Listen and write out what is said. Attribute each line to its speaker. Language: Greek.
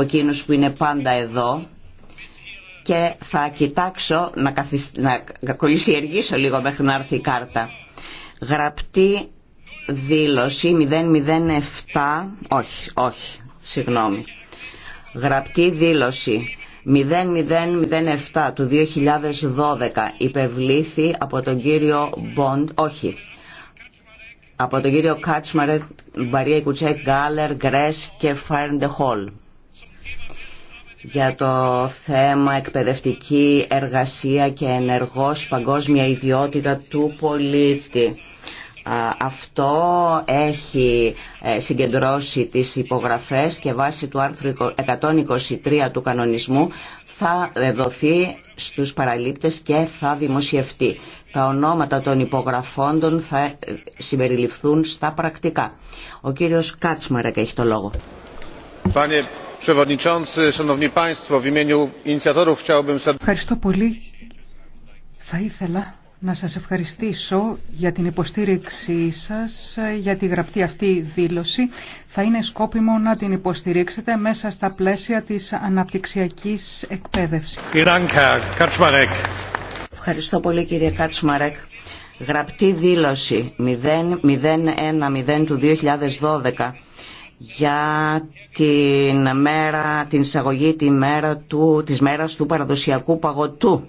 Speaker 1: από εκείνου που είναι πάντα εδώ και θα κοιτάξω να, καθισ... να κολλησιεργήσω λίγο μέχρι να έρθει η κάρτα. Γραπτή δήλωση 007, όχι, όχι, συγγνώμη. Γραπτή δήλωση 0007 του 2012 υπευλήθη από τον κύριο Μποντ, όχι, από τον κύριο Κάτσμαρετ, Μπαρία Κουτσέκ, Γκάλερ, Γκρέσ και Φάρντε Χολ για το θέμα εκπαιδευτική εργασία και ενεργός παγκόσμια ιδιότητα του πολίτη. Αυτό έχει ε, συγκεντρώσει τις υπογραφές και βάσει του άρθρου 123 του κανονισμού θα ε, δοθεί στους παραλήπτες και θα δημοσιευτεί. Τα ονόματα των υπογραφόντων θα ε, συμπεριληφθούν στα πρακτικά. Ο κύριος Κάτσμαρακ έχει το λόγο.
Speaker 2: Ευχαριστώ πολύ.
Speaker 3: Θα ήθελα να σας ευχαριστήσω για την υποστήριξή σας, για τη γραπτή αυτή δήλωση. Θα είναι σκόπιμο να την υποστηρίξετε μέσα στα πλαίσια της αναπτυξιακής εκπαίδευσης.
Speaker 1: Ευχαριστώ πολύ κύριε Κάτσμαρεκ. Γραπτή 010 του 2012 για την μέρα, την εισαγωγή τη μέρα του, της μέρας του παραδοσιακού παγωτού.